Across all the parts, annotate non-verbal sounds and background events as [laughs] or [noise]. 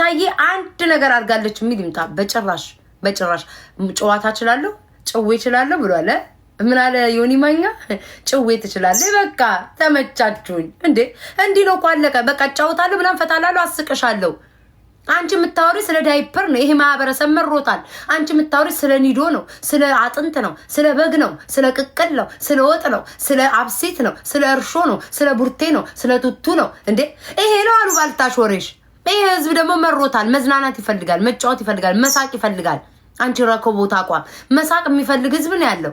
ሩታዬ አንድ ነገር አድርጋለች የሚል ይምጣ። በጭራሽ በጭራሽ። ጨዋታ እችላለሁ ጭዌ እችላለሁ ብሏል። ምን አለ ዮኒ ማኛ? ጭዌ ትችላለህ። በቃ ተመቻችሁኝ እንዴ! እንዲህ ነው እኮ አለቀ። በቃ እጫወታለሁ ምናምን ፈታላለሁ፣ አስቅሻለሁ። አንቺ የምታወሪ ስለ ዳይፐር ነው። ይሄ ማህበረሰብ መሮታል። አንቺ የምታወሪ ስለ ኒዶ ነው፣ ስለ አጥንት ነው፣ ስለ በግ ነው፣ ስለ ቅቅል ነው፣ ስለ ወጥ ነው፣ ስለ አብሲት ነው፣ ስለ እርሾ ነው፣ ስለ ቡርቴ ነው፣ ስለ ቱቱ ነው። እንዴ ይሄ ነው አሉ ባልታሽ ወሬሽ ይህ ህዝብ ደግሞ መሮታል። መዝናናት ይፈልጋል፣ መጫወት ይፈልጋል፣ መሳቅ ይፈልጋል። አንቺ ረኮቦት አቋም መሳቅ የሚፈልግ ህዝብ ነው ያለው።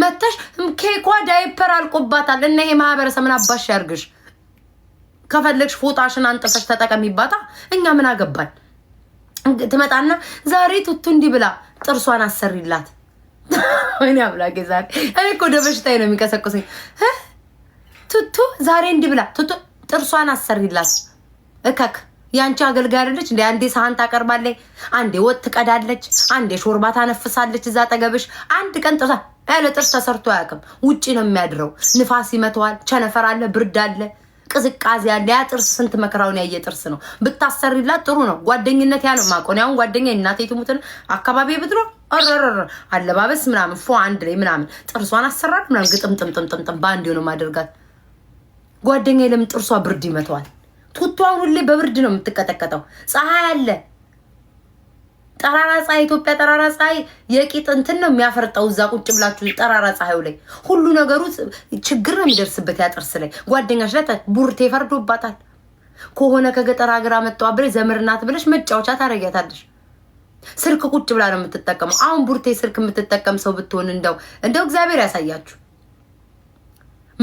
መተሽ ኬኳ ዳይፐር አልቆባታል እና ይሄ ማህበረሰብ ምን አባሽ ያርግሽ? ከፈለግሽ ፎጣሽን አንጥፈሽ ተጠቀሚባታ። እኛ ምን አገባል? ትመጣና ዛሬ ቱቱ እንዲህ ብላ ጥርሷን አሰሪላት። [laughs] ወይኔ አምላኬ፣ ዛሬ እኔ እኮ ወደ በሽታዬ ነው የሚቀሰቅሰኝ። ቱቱ ዛሬ እንዲህ ብላ ቱቱ ጥርሷን አሰሪላት እከክ ያንቺ አገልጋይ አይደለች እንዴ? አንዴ ሳህን ታቀርባለች፣ አንዴ ወጥ ትቀዳለች፣ አንዴ ሾርባ ታነፍሳለች እዛ ጠገብሽ። አንድ ቀን ጥርሳ ያለ ጥርስ ተሰርቶ አያውቅም። ውጪ ነው የሚያድረው። ንፋስ ይመተዋል፣ ቸነፈር አለ፣ ብርድ አለ፣ ቅዝቃዜ አለ። ያ ጥርስ ስንት መከራውን ያየ ጥርስ ነው። ብታሰሪላት ጥሩ ነው። ጓደኝነት ያ ነው ማቆን። ያሁን ጓደኛ እናቴ ትሙትን አካባቢ ብድሮ ረረረ አለባበስ ምናምን ፎ አንድ ላይ ምናምን ጥርሷን አሰራር ምናምን ግጥምጥምጥምጥምጥም በአንድ ነው ማደርጋት ጓደኛ። ለምን ጥርሷ ብርድ ይመተዋል ቱቷን ሁሌ በብርድ ነው የምትቀጠቀጠው። ፀሐይ አለ ጠራራ ፀሐይ፣ ኢትዮጵያ ጠራራ ፀሐይ የቂጥ እንትን ነው የሚያፈርጠው። እዛ ቁጭ ብላችሁ ጠራራ ፀሐዩ ላይ ሁሉ ነገሩ ችግር ነው የሚደርስበት። ያጥርስ ላይ ጓደኛሽ ላይ ቡርቴ ፈርዶባታል ከሆነ ከገጠር ሀገር አመጣው አብሬ ዘምርናት ብለሽ መጫወቻ ታደርጊያታለሽ። ስልክ ቁጭ ብላ ነው የምትጠቀመው። አሁን ቡርቴ ስልክ የምትጠቀም ሰው ብትሆን እንደው እንደው እግዚአብሔር ያሳያችሁ።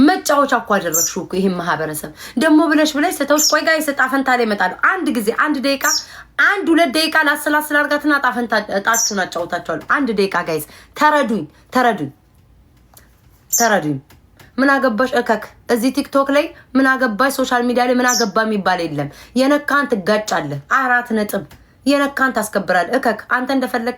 መጫወቻ እኮ አደረግሽው እኮ ይህን ማህበረሰብ ደግሞ ብለሽ ብለሽ ስተውሽ። ቆይ ጋር የሰጣ ፈንታ ላይ ይመጣሉ። አንድ ጊዜ አንድ ደቂቃ አንድ ሁለት ደቂቃ ላስላስል አርጋትና ጣፈንታ እጣችሁን አጫውታችኋለሁ። አንድ ደቂቃ ጋይስ፣ ተረዱኝ፣ ተረዱኝ፣ ተረዱኝ። ምን አገባሽ እከክ እዚህ ቲክቶክ ላይ ምን አገባሽ፣ ሶሻል ሚዲያ ላይ ምን አገባ የሚባል የለም። የነካን ትጋጫለህ። አራት ነጥብ የነካን ታስከብራል። እከክ አንተ እንደፈለግ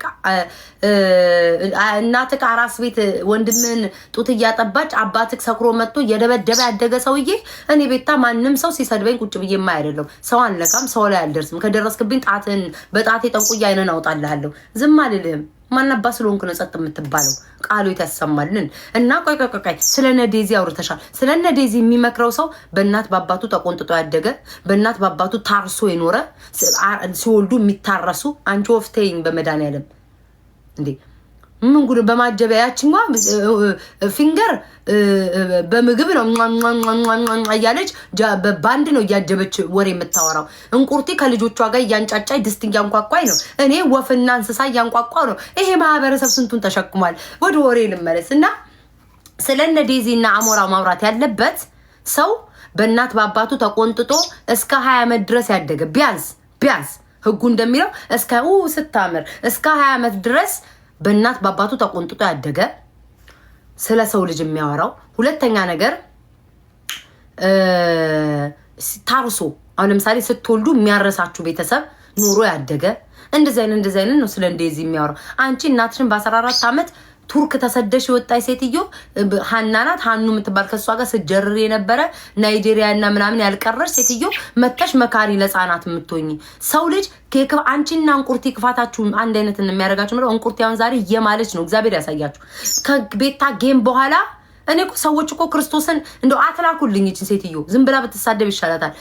እናትህ አራስ ቤት ወንድምን ጡት እያጠባች አባትክ ሰክሮ መጥቶ የደበደበ ያደገ ሰውዬ እኔ ቤታ ማንም ሰው ሲሰድበኝ ቁጭ ብዬ ማ አይደለም። ሰው አንለካም፣ ሰው ላይ አልደርስም። ከደረስክብኝ ጣትን በጣቴ ጠንቁያ አይነን አውጣልሃለሁ። ዝም አልልህም። ማናባ ስለሆንክ ነው ጸጥ የምትባለው? ቃሉ የተሰማልን እና ቆይ ቆይ ቆይ፣ ስለ ነዴዚ አውርተሻል። ስለ ነዴዚ የሚመክረው ሰው በእናት በአባቱ ተቆንጥጦ ያደገ በእናት በአባቱ ታርሶ የኖረ ሲወልዱ የሚታረሱ አንቺ ወፍቴይን በመድኃኒዓለም እንዴ ምን ጉድ በማጀበያችማ ፊንገር በምግብ ነው እያለች በአንድ ነው እያጀበች ወሬ የምታወራው። እንቁርቲ ከልጆቿ ጋር እያንጫጫይ ድስት እያንቋቋኝ ነው። እኔ ወፍና እንስሳ እያንቋቋ ነው። ይሄ ማህበረሰብ ስንቱን ተሸክሟል። ወደ ወሬ ልመለስ እና ስለነ ዴዚ እና አሞራ ማውራት ያለበት ሰው በእናት በአባቱ ተቆንጥጦ እስከ ሀያ ዓመት ድረስ ያደገ ቢያንስ ቢያንስ ህጉ እንደሚለው እስከ ስታምር እስከ ሀያ ዓመት ድረስ በእናት በአባቱ ተቆንጥጦ ያደገ ስለ ሰው ልጅ የሚያወራው ሁለተኛ ነገር ታርሶ አሁን ለምሳሌ ስትወልዱ የሚያረሳችሁ ቤተሰብ ኑሮ ያደገ እንደዚህ አይነት እንደዚህ አይነት ነው ስለ እንደዚህ የሚያወራው አንቺ እናትሽን በአስራ አራት ዓመት ቱርክ ተሰደሽ የወጣች ሴትዮ ሀና ናት ሀኑ የምትባል ከእሷ ጋር ስጀርር የነበረ ናይጄሪያ እና ምናምን ያልቀረሽ ሴትዮ መተሽ መካሪ ለህፃናት የምትሆኝ ሰው ልጅ አንቺና እንቁርቲ ክፋታችሁ አንድ አይነት የሚያደርጋችሁ ምለው እንቁርቲ አሁን ዛሬ እየማለች ነው። እግዚአብሔር ያሳያችሁ። ከቤታ ጌም በኋላ እኔ ሰዎች እኮ ክርስቶስን እንደ አትላኩልኝ። ይችን ሴትዮ ዝም ብላ ብትሳደብ ይሻላታል።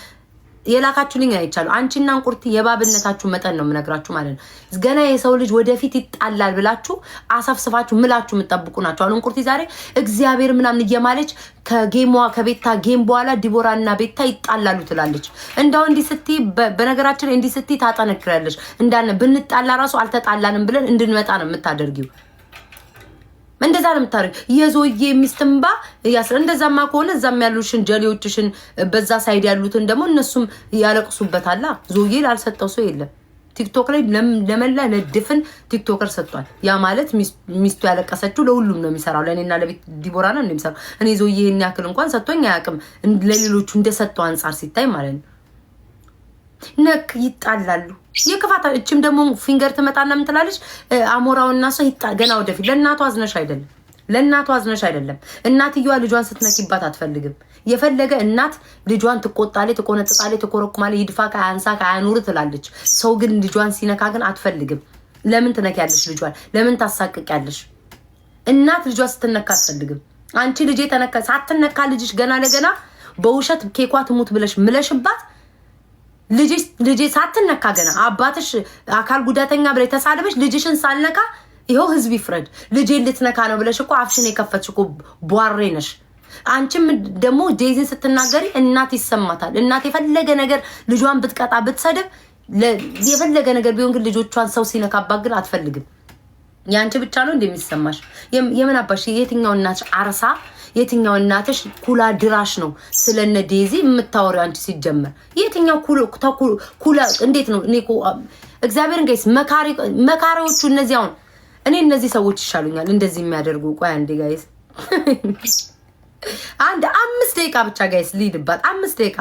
የላካችሁልኝ አይቻሉ አንቺና እንቁርቲ የባብነታችሁ መጠን ነው የምነግራችሁ ማለት ነው። ገና የሰው ልጅ ወደፊት ይጣላል ብላችሁ አሳፍስፋችሁ ምላችሁ የምጠብቁ ናቸው። አሁን እንቁርቲ ዛሬ እግዚአብሔር ምናምን እየማለች ከጌሟ ከቤታ ጌም በኋላ ዲቦራና ቤታ ይጣላሉ ትላለች። እንደው እንዲህ ስትይ በነገራችን እንዲህ ስትይ ታጠነክራለች። እንዳለ ብንጣላ ራሱ አልተጣላንም ብለን እንድንመጣ ነው የምታደርጊው። እንደዛ ነው የምታደርግ። የዞዬ ሚስትንባ ያስረ እንደዛማ ከሆነ እዛም ያሉሽን ጀሌዎችሽን በዛ ሳይድ ያሉትን ደግሞ እነሱም ያለቅሱበታላ። ዞዬ ላልሰጠው ሰው የለም። ቲክቶክ ላይ ለመላ ለድፍን ቲክቶከር ሰጥቷል። ያ ማለት ሚስቱ ያለቀሰችው ለሁሉም ነው የሚሰራው፣ ለእኔና ለቤት ዲቦራ ነው የሚሰራው። እኔ ዞዬ ይህን ያክል እንኳን ሰጥቶኝ አያውቅም፣ ለሌሎቹ እንደሰጠው አንጻር ሲታይ ማለት ነው። ነክ ይጣላሉ። የክፋት እችም ደግሞ ፊንገር ትመጣና ምን ትላለች? አሞራውና ሰው ይጣ ገና ወደፊት ለእናቱ አዝነሽ አይደለም ለእናቱ አዝነሽ አይደለም። እናትየዋ ልጇን ስትነኪባት አትፈልግም። የፈለገ እናት ልጇን ትቆጣለች፣ ትቆነጥጣለች፣ ትኮረኩማለች፣ ይድፋ ከአያንሳ ከአያኑር ትላለች። ሰው ግን ልጇን ሲነካ ግን አትፈልግም። ለምን ትነኪያለሽ? ልጇን ለምን ታሳቅቂያለሽ? እናት ልጇ ስትነካ አትፈልግም። አንቺ ልጄ ተነካ ሳትነካ ልጅሽ ገና ለገና በውሸት ኬኳ ትሙት ብለሽ ምለሽባት ልጅ ሳትነካ ገና አባትሽ አካል ጉዳተኛ ብላ የተሳደበች ልጅሽን ሳልነካ ይኸው ህዝብ ይፍረድ። ልጄ ልትነካ ነው ብለሽ እኮ አፍሽን የከፈትሽ እኮ ቧሬ ነሽ። አንቺም ደግሞ ዴይዚን ስትናገሪ እናት ይሰማታል። እናት የፈለገ ነገር ልጇን ብትቀጣ ብትሰድብ፣ የፈለገ ነገር ቢሆን ግን ልጆቿን ሰው ሲነካባት ግን አትፈልግም። የአንቺ ብቻ ነው እንደሚሰማሽ። የምን አባሽ የትኛው እናትሽ አርሳ የትኛው እናትሽ ኩላ ድራሽ ነው ስለነ ዴዚ የምታወሪ አንቺ? ሲጀመር የትኛው ኩላ እንዴት ነው? እኔ እግዚአብሔር ጋይስ መካሪዎቹ እነዚህ አሁን እኔ እነዚህ ሰዎች ይሻሉኛል፣ እንደዚህ የሚያደርጉ ቆይ አንዴ ጋይስ፣ አንድ አምስት ደቂቃ ብቻ ጋይስ ልሂድባት፣ አምስት ደቂቃ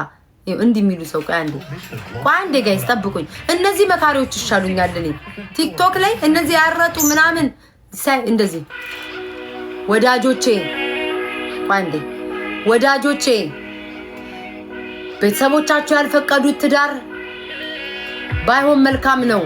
እንዲህ የሚሉ ሰው ቆይ አንዴ ቆይ አንዴ ጋይስ ጠብቁኝ። እነዚህ መካሪዎች ይሻሉኛል። እኔ ቲክቶክ ላይ እነዚህ ያረጡ ምናምን ሳይ እንደዚህ ወዳጆቼ አንዴ ወዳጆቼ ቤተሰቦቻቸው ያልፈቀዱት ትዳር ባይሆን መልካም ነው።